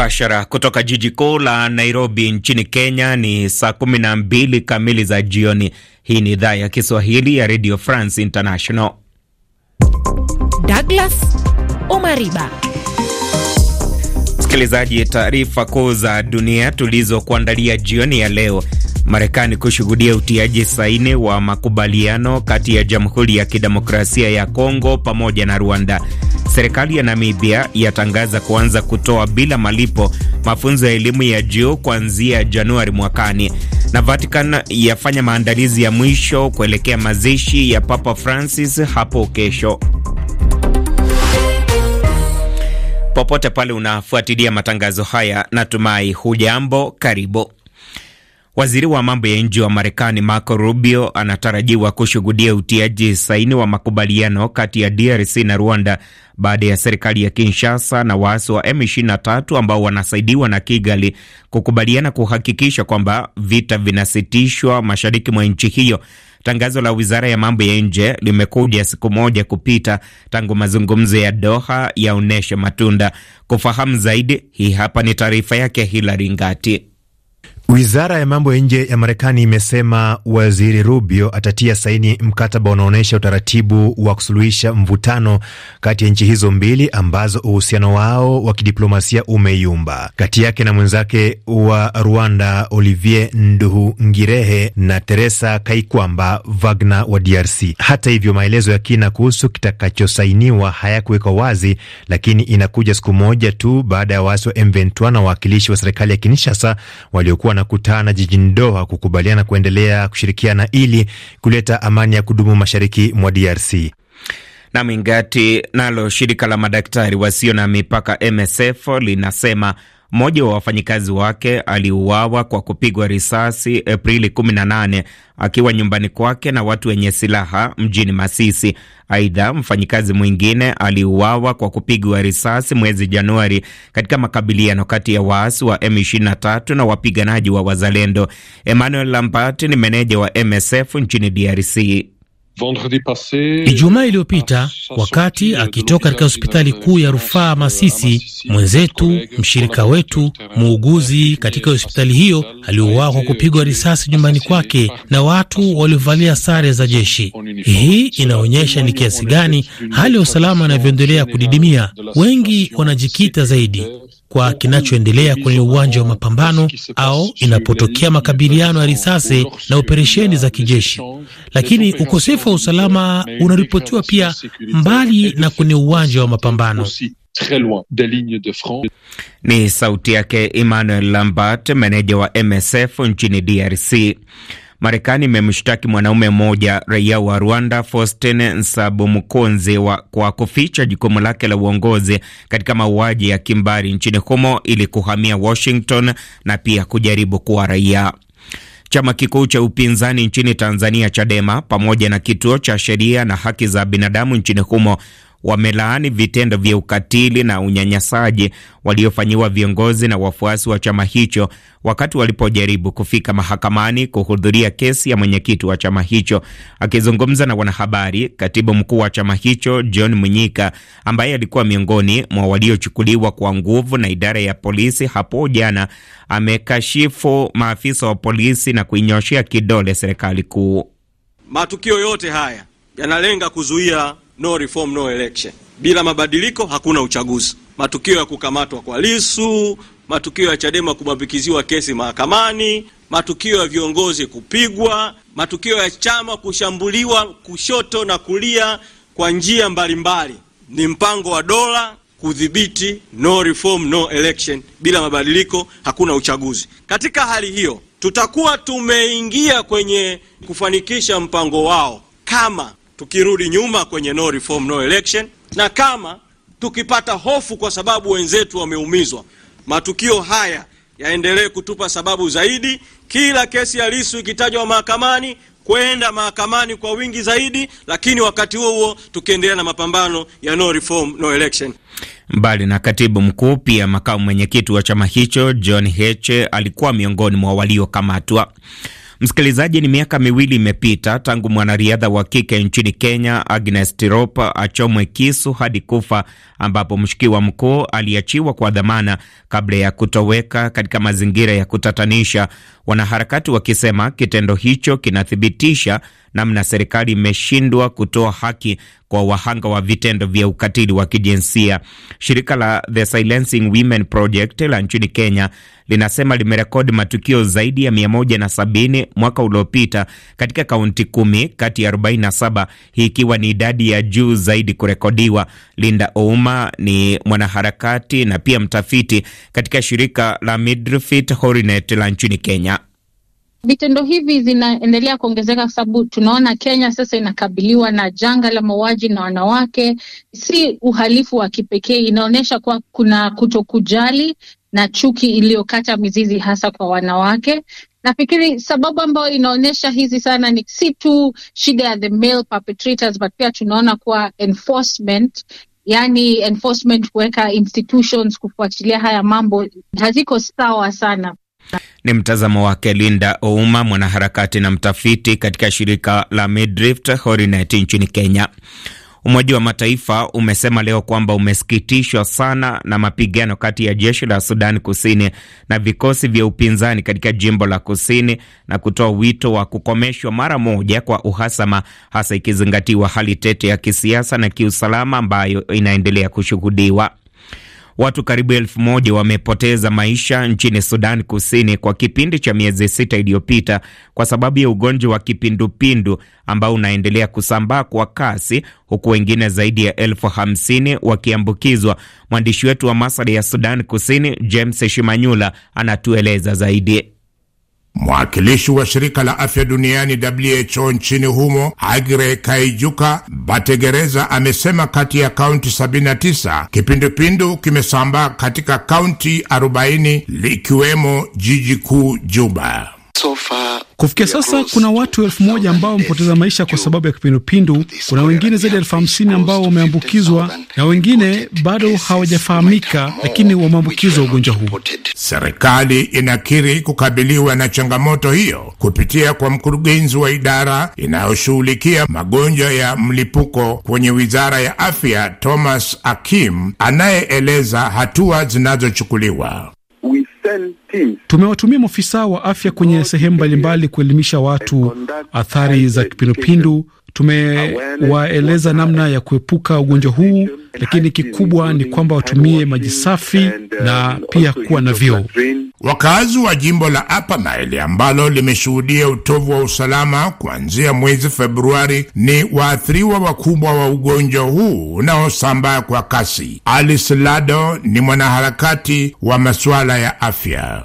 mubashara kutoka jiji kuu la Nairobi nchini Kenya. Ni saa 12 kamili za jioni. Hii ni idhaa ya Kiswahili ya Radio France International. Douglas Omariba msikilizaji, taarifa kuu za dunia tulizokuandalia jioni ya leo. Marekani kushuhudia utiaji saini wa makubaliano kati ya Jamhuri ya Kidemokrasia ya Kongo pamoja na Rwanda serikali ya Namibia yatangaza kuanza kutoa bila malipo mafunzo ya elimu ya juu kuanzia Januari mwakani, na Vatican yafanya maandalizi ya mwisho kuelekea mazishi ya Papa Francis hapo kesho. Popote pale unafuatilia matangazo haya, natumai hujambo. Karibu. Waziri wa mambo ya nje wa Marekani Marco Rubio anatarajiwa kushuhudia utiaji saini wa makubaliano kati ya DRC na Rwanda baada ya serikali ya Kinshasa na waasi wa M23 ambao wanasaidiwa na Kigali kukubaliana kuhakikisha kwamba vita vinasitishwa mashariki mwa nchi hiyo. Tangazo la wizara ya mambo ya nje limekuja siku moja kupita tangu mazungumzo ya Doha yaonyeshe matunda. Kufahamu zaidi, hii hapa ni taarifa yake Hilary Ngati. Wizara ya mambo ya nje ya Marekani imesema waziri Rubio atatia saini mkataba unaonyesha utaratibu wa kusuluhisha mvutano kati ya nchi hizo mbili ambazo uhusiano wao wa kidiplomasia umeyumba, kati yake na mwenzake wa Rwanda Olivier Nduhungirehe na Teresa Kaikwamba Wagner wa DRC. Hata hivyo, maelezo ya kina kuhusu kitakachosainiwa hayakuwekwa wazi, lakini inakuja siku moja tu baada ya waasi wa M23 na wawakilishi wa serikali ya Kinshasa waliokuwa wanakutana jijini Doha kukubaliana kuendelea kushirikiana ili kuleta amani ya kudumu mashariki mwa DRC. Namingati nalo shirika la madaktari wasio na mipaka MSF linasema mmoja wa wafanyikazi wake aliuawa kwa kupigwa risasi Aprili 18 akiwa nyumbani kwake na watu wenye silaha mjini Masisi. Aidha, mfanyikazi mwingine aliuawa kwa kupigwa risasi mwezi Januari katika makabiliano kati ya waasi wa M23 na wapiganaji wa Wazalendo. Emmanuel Lambert ni meneja wa MSF nchini DRC. Ijumaa iliyopita wakati akitoka katika hospitali kuu ya rufaa Masisi, mwenzetu mshirika wetu muuguzi katika hospitali hiyo aliuawa kwa kupigwa risasi nyumbani kwake na watu waliovalia sare za jeshi. Hii inaonyesha ni kiasi gani hali ya usalama inavyoendelea kudidimia. Wengi wanajikita zaidi kwa kinachoendelea kwenye uwanja wa mapambano au inapotokea makabiliano ya risasi na operesheni za kijeshi. Lakini ukosefu wa usalama unaripotiwa pia mbali na kwenye uwanja wa mapambano. Ni sauti yake Emmanuel Lambert, meneja wa MSF nchini DRC. Marekani imemshtaki mwanaume mmoja raia wa Rwanda, Faustin Nsabomukonze, kwa kuficha jukumu lake la uongozi katika mauaji ya kimbari nchini humo ili kuhamia Washington na pia kujaribu kuwa raia. Chama kikuu cha upinzani nchini Tanzania, Chadema, pamoja na kituo cha sheria na haki za binadamu nchini humo wamelaani vitendo vya ukatili na unyanyasaji waliofanyiwa viongozi na wafuasi wa chama hicho wakati walipojaribu kufika mahakamani kuhudhuria kesi ya mwenyekiti wa chama hicho. Akizungumza na wanahabari, katibu mkuu wa chama hicho John Mnyika, ambaye alikuwa miongoni mwa waliochukuliwa kwa nguvu na idara ya polisi hapo jana, amekashifu maafisa wa polisi na kuinyoshea kidole serikali kuu. Matukio yote haya yanalenga kuzuia no reform, no election. Bila mabadiliko hakuna uchaguzi. Matukio ya kukamatwa kwa Lisu, matukio ya Chadema kubambikiziwa kesi mahakamani, matukio ya viongozi kupigwa, matukio ya chama kushambuliwa kushoto na kulia kwa njia mbalimbali, ni mpango wa dola kudhibiti. No reform, no election. Bila mabadiliko hakuna uchaguzi. Katika hali hiyo, tutakuwa tumeingia kwenye kufanikisha mpango wao kama tukirudi nyuma kwenye no reform, no election, na kama tukipata hofu kwa sababu wenzetu wameumizwa, matukio haya yaendelee kutupa sababu zaidi, kila kesi ya Lissu ikitajwa mahakamani kwenda mahakamani kwa wingi zaidi, lakini wakati huo huo tukiendelea na mapambano ya no reform, no election. Mbali na katibu mkuu, pia makamu mwenyekiti wa chama hicho John Heche alikuwa miongoni mwa waliokamatwa. Msikilizaji, ni miaka miwili imepita tangu mwanariadha wa kike nchini Kenya Agnes Tirop achomwe kisu hadi kufa ambapo mshukiwa mkuu aliachiwa kwa dhamana kabla ya kutoweka katika mazingira ya kutatanisha, wanaharakati wakisema kitendo hicho kinathibitisha namna serikali imeshindwa kutoa haki kwa wahanga wa vitendo vya ukatili wa kijinsia. Shirika la The Silencing Women Project la nchini Kenya linasema limerekodi matukio zaidi ya 170 mwaka uliopita katika kaunti kumi kati ya 47, hii ikiwa ni idadi ya juu zaidi kurekodiwa. Linda Ouma Juma ni mwanaharakati na pia mtafiti katika shirika la Midrefit Horinet la nchini Kenya. Vitendo hivi zinaendelea kuongezeka kwa sababu tunaona Kenya sasa inakabiliwa na janga la mauaji na wanawake. Si uhalifu wa kipekee, inaonyesha kuwa kuna kutokujali na chuki iliyokata mizizi hasa kwa wanawake. Nafikiri sababu ambayo inaonyesha hizi sana ni si tu shida ya the male perpetrators, but pia tunaona kuwa enforcement yani enforcement kuweka institutions kufuatilia haya mambo haziko sawa sana. Ni mtazamo wake Linda Ouma, mwanaharakati na mtafiti katika shirika la Midrift Horinet nchini Kenya. Umoja wa Mataifa umesema leo kwamba umesikitishwa sana na mapigano kati ya jeshi la Sudan Kusini na vikosi vya upinzani katika jimbo la Kusini na kutoa wito wa kukomeshwa mara moja kwa uhasama, hasa ikizingatiwa hali tete ya kisiasa na kiusalama ambayo inaendelea kushuhudiwa. Watu karibu elfu moja wamepoteza maisha nchini Sudan Kusini kwa kipindi cha miezi sita iliyopita kwa sababu ya ugonjwa wa kipindupindu ambao unaendelea kusambaa kwa kasi, huku wengine zaidi ya elfu hamsini wakiambukizwa. Mwandishi wetu wa masada ya Sudan Kusini James Shimanyula anatueleza zaidi. Mwakilishi wa shirika la afya duniani WHO nchini humo Agre Kaijuka Bategereza amesema kati ya kaunti 79 kipindupindu kimesambaa katika kaunti 40 likiwemo jiji kuu Juba kufikia sasa kuna watu elfu moja ambao wamepoteza maisha kwa sababu ya kipindupindu. Kuna wengine zaidi ya elfu hamsini ambao wameambukizwa na wengine bado hawajafahamika, lakini wameambukizwa ugonjwa huu. Serikali inakiri kukabiliwa na changamoto hiyo kupitia kwa mkurugenzi wa idara inayoshughulikia magonjwa ya mlipuko kwenye wizara ya afya, Thomas Akim, anayeeleza hatua zinazochukuliwa. Tumewatumia maafisa wa afya kwenye sehemu mbalimbali kuelimisha watu athari za kipindupindu. Tumewaeleza namna ya kuepuka ugonjwa huu lakini kikubwa ni kwamba watumie maji safi uh, na pia kuwa na vyoo. Wakazi wa jimbo la Upper Nile ambalo limeshuhudia utovu wa usalama kuanzia mwezi Februari ni waathiriwa wakubwa wa ugonjwa huu unaosambaa kwa kasi. Alice Lado ni mwanaharakati wa masuala ya afya.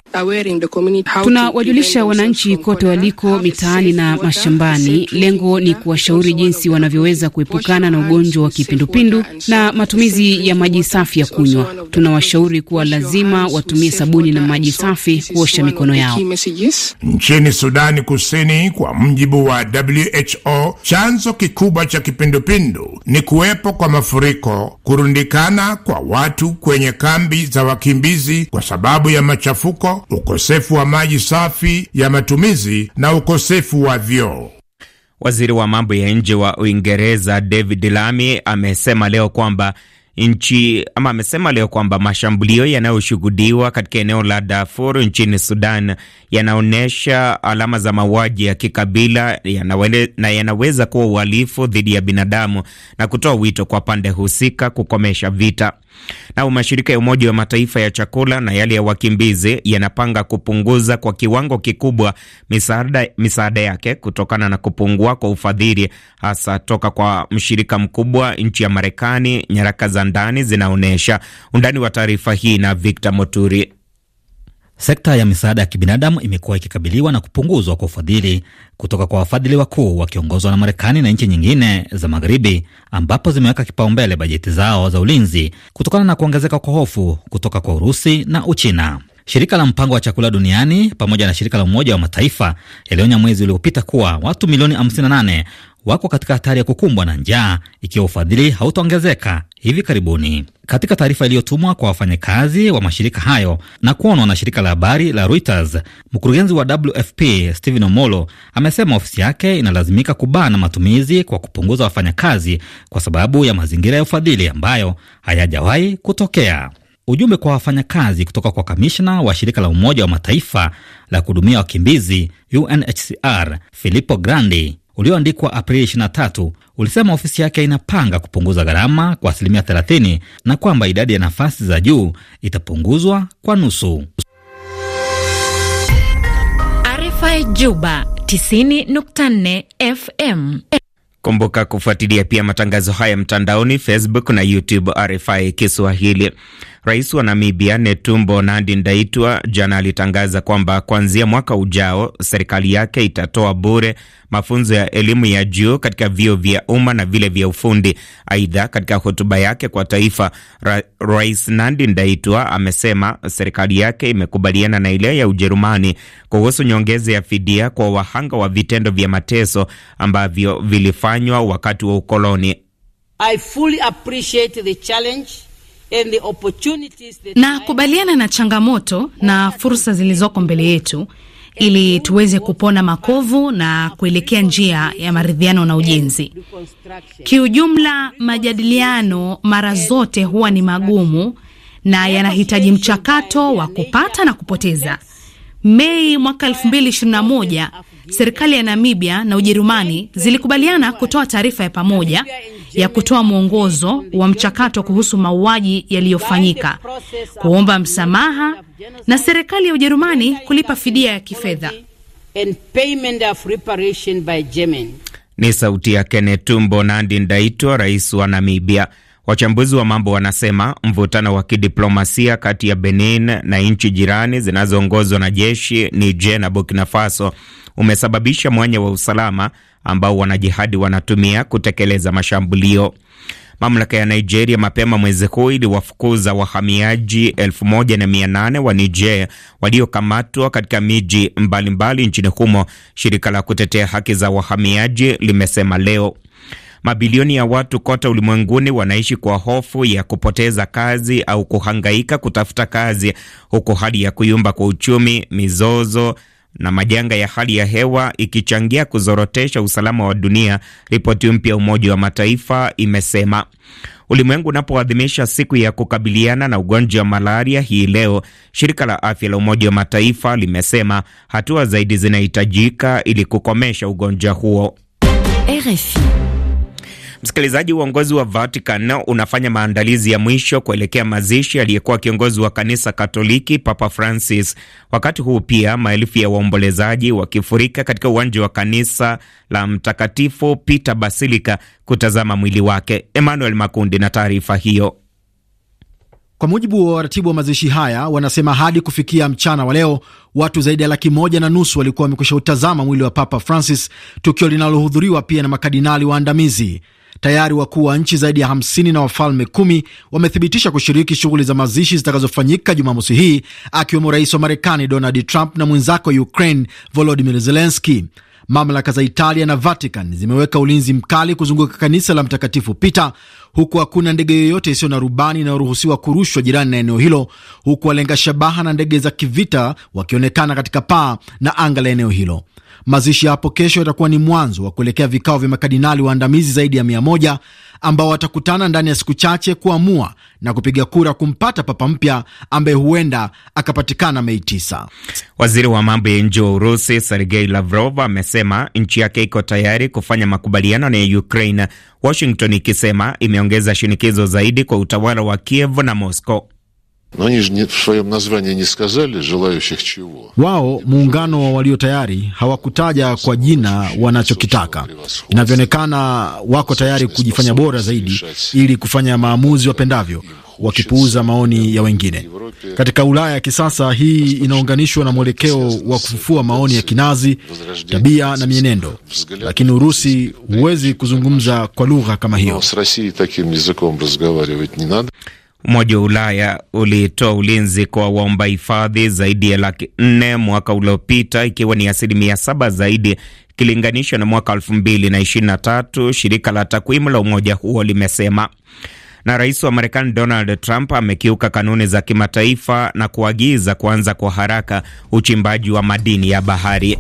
Tunawajulisha wananchi kote waliko, mitaani na mashambani. Lengo ni kuwashauri jinsi wanavyoweza kuepukana na ugonjwa wa kipindupindu na matumizi ya maji safi ya kunywa, tunawashauri kuwa lazima watumie sabuni na maji safi kuosha mikono yao. Nchini Sudani Kusini, kwa mjibu wa WHO, chanzo kikubwa cha kipindupindu ni kuwepo kwa mafuriko, kurundikana kwa watu kwenye kambi za wakimbizi kwa sababu ya machafuko, ukosefu wa maji safi ya matumizi na ukosefu wa vyoo. Waziri wa mambo ya nje wa Uingereza David Lammy amesema leo kwamba nchi ama amesema leo kwamba mashambulio yanayoshuhudiwa katika eneo la Darfur nchini Sudan yanaonyesha alama za mauaji ya kikabila yanawele, na yanaweza kuwa uhalifu dhidi ya binadamu na kutoa wito kwa pande husika kukomesha vita. Nao mashirika ya Umoja wa Mataifa ya chakula na yale ya wakimbizi yanapanga kupunguza kwa kiwango kikubwa misaada, misaada yake kutokana na kupungua kwa ufadhili hasa toka kwa mshirika mkubwa nchi ya Marekani, nyaraka za ndani zinaonyesha. Undani wa taarifa hii na Victor Moturi. Sekta ya misaada ya kibinadamu imekuwa ikikabiliwa na kupunguzwa kwa ufadhili kutoka kwa wafadhili wakuu wakiongozwa na Marekani na nchi nyingine za Magharibi, ambapo zimeweka kipaumbele bajeti zao za ulinzi kutokana na kuongezeka kwa hofu kutoka kwa Urusi na Uchina. Shirika la mpango wa chakula duniani pamoja na shirika la Umoja wa Mataifa yalionya mwezi uliopita kuwa watu milioni 58 wako katika hatari ya kukumbwa na njaa ikiwa ufadhili hautaongezeka hivi karibuni. Katika taarifa iliyotumwa kwa wafanyakazi wa mashirika hayo na kuonwa na shirika la habari la Reuters, mkurugenzi wa WFP Stephen Omolo amesema ofisi yake inalazimika kubana matumizi kwa kupunguza wafanyakazi kwa sababu ya mazingira ya ufadhili ambayo hayajawahi kutokea. Ujumbe kwa wafanyakazi kutoka kwa kamishna wa shirika la Umoja wa Mataifa la kuhudumia wakimbizi UNHCR Filippo Grandi ulioandikwa Aprili 23 ulisema ofisi yake inapanga kupunguza gharama kwa asilimia 30 na kwamba idadi ya nafasi za juu itapunguzwa kwa nusu. RFI Juba 90.4 FM. Kumbuka kufuatilia pia matangazo haya mtandaoni, Facebook na YouTube, RFI Kiswahili. Rais wa Namibia Netumbo nandi Ndaitwa jana alitangaza kwamba kuanzia mwaka ujao serikali yake itatoa bure mafunzo ya elimu ya juu katika vyuo vya umma na vile vya ufundi. Aidha, katika hotuba yake kwa taifa, ra Rais nandi ndaitwa amesema serikali yake imekubaliana na ile ya Ujerumani kuhusu nyongeza ya fidia kwa wahanga wa vitendo vya mateso ambavyo vilifanywa wakati wa ukoloni. I fully appreciate the challenge na kubaliana na changamoto na fursa zilizoko mbele yetu ili tuweze kupona makovu na kuelekea njia ya maridhiano na ujenzi. Kiujumla, majadiliano mara zote huwa ni magumu na yanahitaji mchakato wa kupata na kupoteza. Mei mwaka 2021 serikali ya Namibia na Ujerumani zilikubaliana kutoa taarifa ya pamoja ya kutoa mwongozo wa mchakato kuhusu mauaji yaliyofanyika, kuomba msamaha na serikali ya Ujerumani kulipa fidia ya kifedha. Ni sauti ya Kenetumbo Nandi Ndaitwa, rais wa Namibia. Wachambuzi wa mambo wanasema mvutano wa kidiplomasia kati ya Benin na nchi jirani zinazoongozwa na jeshi Niger na Burkina Faso umesababisha mwanya wa usalama ambao wanajihadi wanatumia kutekeleza mashambulio. Mamlaka ya Nigeria mapema mwezi huu iliwafukuza wahamiaji 1800 wa Niger waliokamatwa katika miji mbalimbali nchini humo, shirika la kutetea haki za wahamiaji limesema leo. Mabilioni ya watu kote ulimwenguni wanaishi kwa hofu ya kupoteza kazi au kuhangaika kutafuta kazi, huku hali ya kuyumba kwa uchumi, mizozo na majanga ya hali ya hewa ikichangia kuzorotesha usalama wa dunia, ripoti mpya Umoja wa Mataifa imesema. Ulimwengu unapoadhimisha siku ya kukabiliana na ugonjwa wa malaria hii leo, shirika la afya la Umoja wa Mataifa limesema hatua zaidi zinahitajika ili kukomesha ugonjwa huo. RFI. Msikilizaji, uongozi wa Vatican unafanya maandalizi ya mwisho kuelekea mazishi aliyekuwa kiongozi wa kanisa Katoliki Papa Francis, wakati huu pia maelfu ya waombolezaji wakifurika katika uwanja wa kanisa la Mtakatifu Peter Basilica kutazama mwili wake. Emmanuel Makundi na taarifa hiyo. Kwa mujibu wa waratibu wa mazishi haya, wanasema hadi kufikia mchana wa leo watu zaidi ya laki moja na nusu walikuwa wamekwisha utazama mwili wa Papa Francis, tukio linalohudhuriwa pia na makadinali waandamizi. Tayari wakuu wa nchi zaidi ya 50 na wafalme kumi wamethibitisha kushiriki shughuli za mazishi zitakazofanyika Jumamosi hii, akiwemo rais wa Marekani Donald Trump na mwenzako wa Ukraine Volodimir Zelenski. Mamlaka za Italia na Vatican zimeweka ulinzi mkali kuzunguka kanisa la Mtakatifu Pita, huku hakuna ndege yoyote isiyo na rubani inayoruhusiwa kurushwa jirani na eneo hilo, huku walenga shabaha na ndege za kivita wakionekana katika paa na anga la eneo hilo. Mazishi hapo kesho yatakuwa ni mwanzo wa kuelekea vikao vya makadinali waandamizi zaidi ya mia moja ambao watakutana ndani ya siku chache kuamua na kupiga kura kumpata papa mpya ambaye huenda akapatikana Mei 9. Waziri wa mambo ya nje wa Urusi Sergei Lavrov amesema nchi yake iko tayari kufanya makubaliano na Ukraine, Washington ikisema imeongeza shinikizo zaidi kwa utawala wa Kiev na Moscow. Но они же в своем названии не сказали желающих чего. Wao muungano wa walio tayari hawakutaja kwa jina wanachokitaka. Inavyoonekana wako tayari kujifanya bora zaidi ili kufanya maamuzi wapendavyo, wakipuuza maoni ya wengine. Katika Ulaya ya kisasa, hii inaunganishwa na mwelekeo wa kufufua maoni ya kinazi, tabia na mienendo, lakini Urusi huwezi kuzungumza kwa lugha kama hiyo. Umoja wa Ulaya ulitoa ulinzi kwa waomba hifadhi zaidi ya laki nne mwaka uliopita ikiwa ni asilimia saba zaidi ikilinganishwa na mwaka elfu mbili na ishirini na tatu shirika la takwimu la umoja huo limesema. Na rais wa Marekani Donald Trump amekiuka kanuni za kimataifa na kuagiza kuanza kwa haraka uchimbaji wa madini ya bahari.